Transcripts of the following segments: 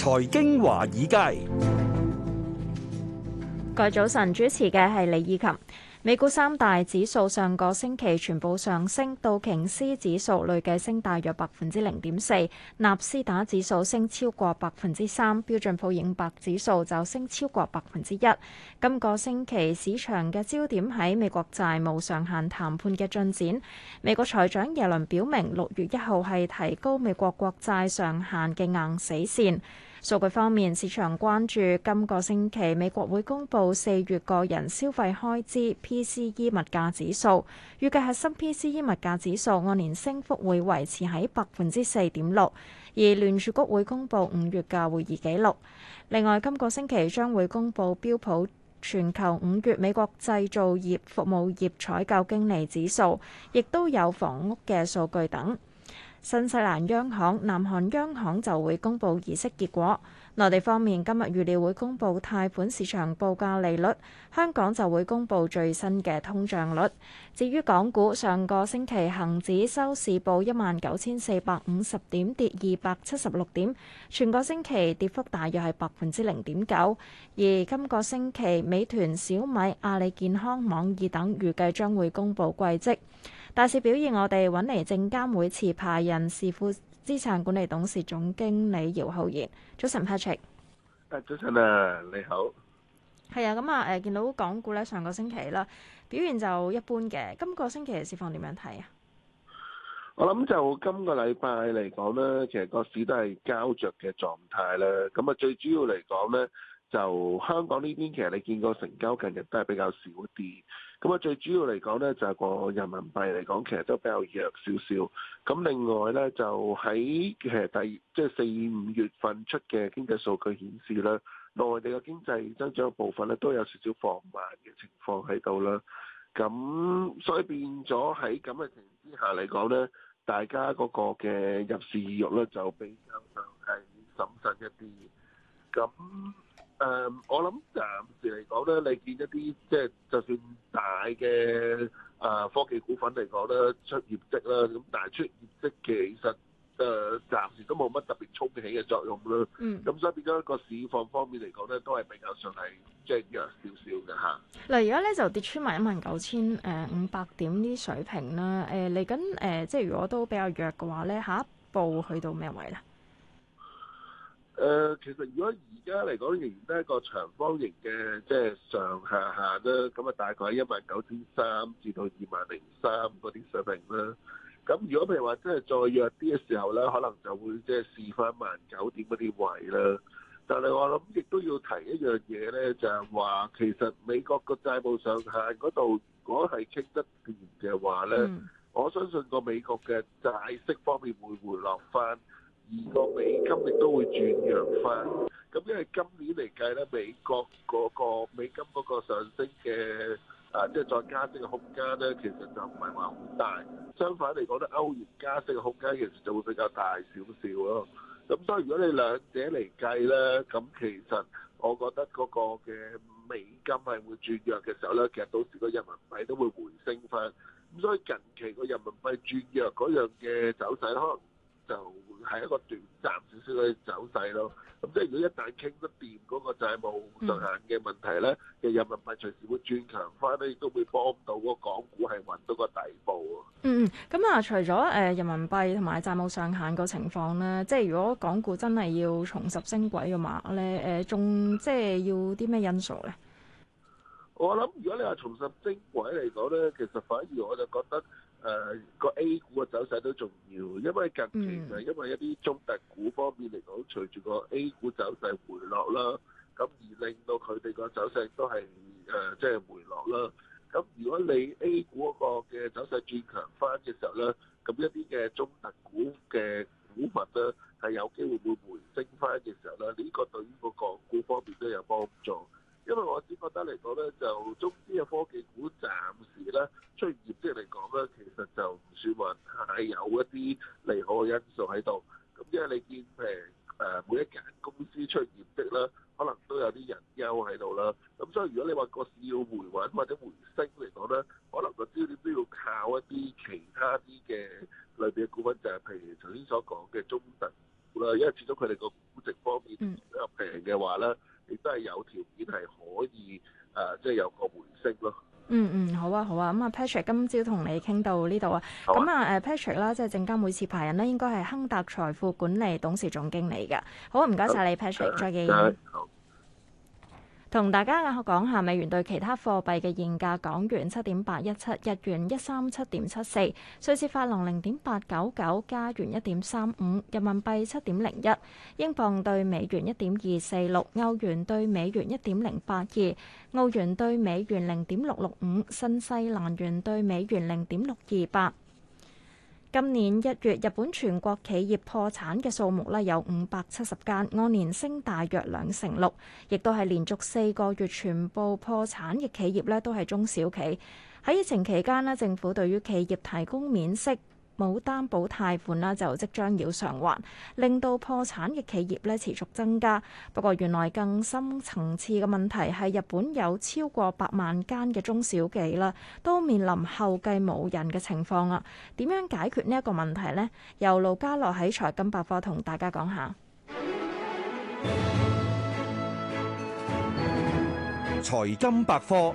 財經華爾街。各位早晨，主持嘅係李以琴。美股三大指數上個星期全部上升，道瓊斯指數累計升大約百分之零點四，納斯達指數升超過百分之三，標準普爾五百指數就升超過百分之一。今個星期市場嘅焦點喺美國債務上限談判嘅進展。美國財長耶倫表明，六月一號係提高美國國債上限嘅硬死線。數據方面，市場關注今個星期美國會公布四月個人消費開支 （PCE） 物價指數，預計核心 PCE 物價指數按年升幅會維持喺百分之四點六。而聯儲局會公布五月嘅會議紀錄。另外，今個星期將會公布標普全球五月美國製造業、服務業採購經理指數，亦都有房屋嘅數據等。新西蘭央行、南韓央行就會公布議息結果。內地方面，今日預料會公布貸款市場報價利率，香港就會公布最新嘅通脹率。至於港股，上個星期恒指收市報一萬九千四百五十點，跌二百七十六點，全個星期跌幅大約係百分之零點九。而今個星期，美團、小米、阿里健康、網易等預計將會公布季績。大事表現我，我哋揾嚟證監會持牌人士、富資產管理董事、總經理姚浩然。早晨，Patrick。誒，早晨啊，你好。係啊，咁啊，誒，見到港股咧，上個星期啦，表現就一般嘅。今個星期嘅市況點樣睇啊？我諗就今個禮拜嚟講咧，其實個市都係膠着嘅狀態啦。咁啊，最主要嚟講呢，就香港呢邊其實你見過成交近日都係比較少啲，咁啊，最主要嚟講咧，就係個人民幣嚟講，其實都比較弱少少。咁另外咧，就喺其第即係四五月份出嘅經濟數據顯示咧，內地嘅經濟增長嘅部分咧都有少少放慢嘅情況喺度啦。咁所以變咗喺咁嘅情形之下嚟講咧，大家嗰個嘅入市意欲咧就比較上係審慎一啲。咁誒，um, 我諗暫時嚟講咧，你見一啲即係就算大嘅啊、呃、科技股份嚟講咧出業績啦，咁但係出業績其實誒、呃、暫時都冇乜特別沖起嘅作用啦。嗯。咁所以變咗一個市況方面嚟講咧，都係比較上係弱少少嘅嚇。嗱，而家咧就跌穿埋一萬九千誒五百點呢啲水平啦。誒嚟緊誒，即係如果都比較弱嘅話咧，下一步去到咩位咧？誒、呃，其實如果而家嚟講，仍然都係一個長方形嘅，即、就、係、是、上下下啦。咁啊，大概一萬九點三至到二萬零三嗰啲水平啦。咁如果譬如話，即係再弱啲嘅時候咧，可能就會即係試翻萬九點嗰啲位啦。但係我諗，亦都要提一樣嘢咧，就係、是、話其實美國個債務上限嗰度，如果係傾得掂嘅話咧，嗯、我相信個美國嘅債息方面會回落翻。而個美金亦都會轉弱翻，咁因為今年嚟計咧，美國嗰個美金嗰個上升嘅啊，即係再加息嘅空間咧，其實就唔係話好大。相反嚟講咧，歐元加息嘅空間其實就會比較大少少咯。咁所以如果你兩者嚟計咧，咁其實我覺得嗰個嘅美金係會轉弱嘅時候咧，其實到時個人民幣都會回升翻。咁所以近期個人民幣轉弱嗰樣嘅走勢可能。就係一個短暫少少嘅走勢咯。咁即係如果一旦傾得掂嗰個債務上限嘅問題咧，嘅、嗯、人民幣隨時會轉強翻，都會幫到嗰港股係揾到個底部。嗯，咁、嗯、啊、嗯嗯，除咗誒、呃、人民幣同埋債務上限個情況咧，即係如果港股真係要重拾升軌嘅話咧，誒仲即係要啲咩因素咧？我諗如果你話重拾升軌嚟講咧，其實反而我就覺得。誒個 A 股嘅走勢都重要，因為近期就因為一啲中特股方面嚟講，隨住個 A 股走勢回落啦，咁而令到佢哋個走勢都係誒即係回落啦。咁如果你 A 股嗰個嘅走勢轉強翻嘅時候咧，咁一啲嘅中特股嘅股份咧係有機會會回升翻嘅時候咧，呢個對於個港股方面都有幫助。因為我只覺得嚟講咧，就中資嘅科技股暫時咧，出現業績嚟講咧。轉運係有一啲利好嘅因素喺度，咁因為你見誒誒每一間公司出業績啦，可能都有啲人憂喺度啦，咁所以如果你話個市要回穩或者回升嚟講咧，可能個焦點都要靠一啲其他啲嘅類別嘅股份，就係譬如頭先所講嘅中特啦，因為始終佢哋個估值方面比較平嘅話咧，亦都係有。好啊，咁啊 Patrick，今朝同你傾到呢度啊。好。咁啊誒 Patrick 啦，即係陣間每次排人咧，應該係亨達財富管理董事總經理嘅。好啊，唔該晒你 Patrick，再見。啊啊。同大家硬可講下美元對其他貨幣嘅現價：港元七點八一七，日元一三七點七四，瑞士法郎零點八九九，加元一點三五，人民幣七點零一，英鎊對美元一點二四六，歐元對美元一點零八二，澳元對美元零點六六五，新西蘭元對美元零點六二八。今年一月，日本全國企業破產嘅數目呢有五百七十間，按年升大約兩成六，亦都係連續四個月全部破產嘅企業呢都係中小企。喺疫情期間呢，政府對於企業提供免息。冇擔保貸款啦，就即將要償還，令到破產嘅企業咧持續增加。不過，原來更深層次嘅問題係日本有超過百萬間嘅中小企啦，都面臨後繼無人嘅情況啊。點樣解決呢一個問題咧？由盧家樂喺財金百科同大家講下。財金百科。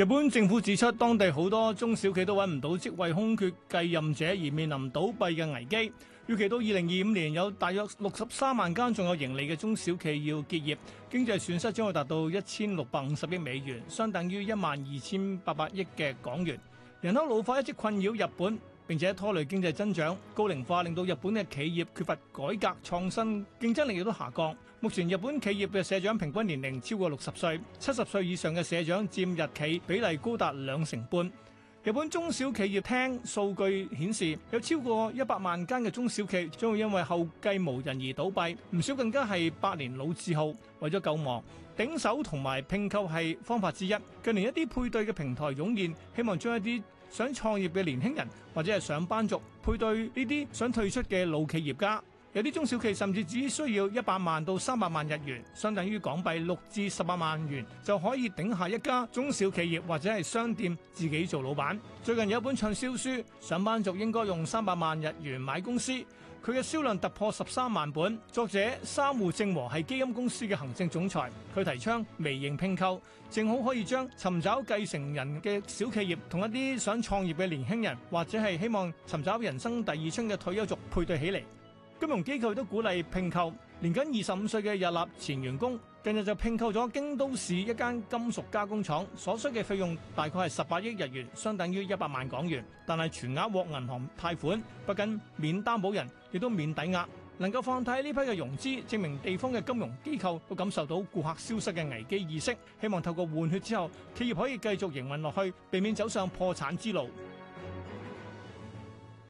日本政府指出，當地好多中小企都揾唔到職位空缺繼任者而面臨倒閉嘅危機。預期到二零二五年，有大約六十三萬間仲有盈利嘅中小企要結業，經濟損失將會達到一千六百五十億美元，相等於一萬二千八百億嘅港元。人口老化一直困擾日本。並且拖累經濟增長，高齡化令到日本嘅企業缺乏改革創新，競爭力亦都下降。目前日本企業嘅社長平均年齡超過六十歲，七十歲以上嘅社長佔日企比例高達兩成半。日本中小企業廳數據顯示，有超過一百萬間嘅中小企將會因為後繼無人而倒閉，唔少更加係百年老字號。為咗救亡，頂手同埋併購係方法之一。近年一啲配對嘅平台湧現，希望將一啲想創業嘅年輕人，或者係上班族，配對呢啲想退出嘅老企業家。有啲中小企甚至只需要一百萬到三百萬日元，相等於港幣六至十八萬元就可以頂下一家中小企業或者係商店自己做老闆。最近有一本暢銷書《上班族應該用三百萬日元買公司》，佢嘅銷量突破十三萬本。作者三戶正和係基金公司嘅行政總裁，佢提倡微型拼購，正好可以將尋找繼承人嘅小企業同一啲想創業嘅年輕人或者係希望尋找人生第二春嘅退休族配對起嚟。金融機構都鼓勵併購，年僅二十五歲嘅日立前員工近日就併購咗京都市一間金屬加工廠，所需嘅費用大概係十八億日元，相等於一百萬港元。但係全額獲銀行貸款，不僅免擔保人，亦都免抵押，能夠放低呢批嘅融資證明地方嘅金融機構都感受到顧客消失嘅危機意識，希望透過換血之後企業可以繼續營運落去，避免走上破產之路。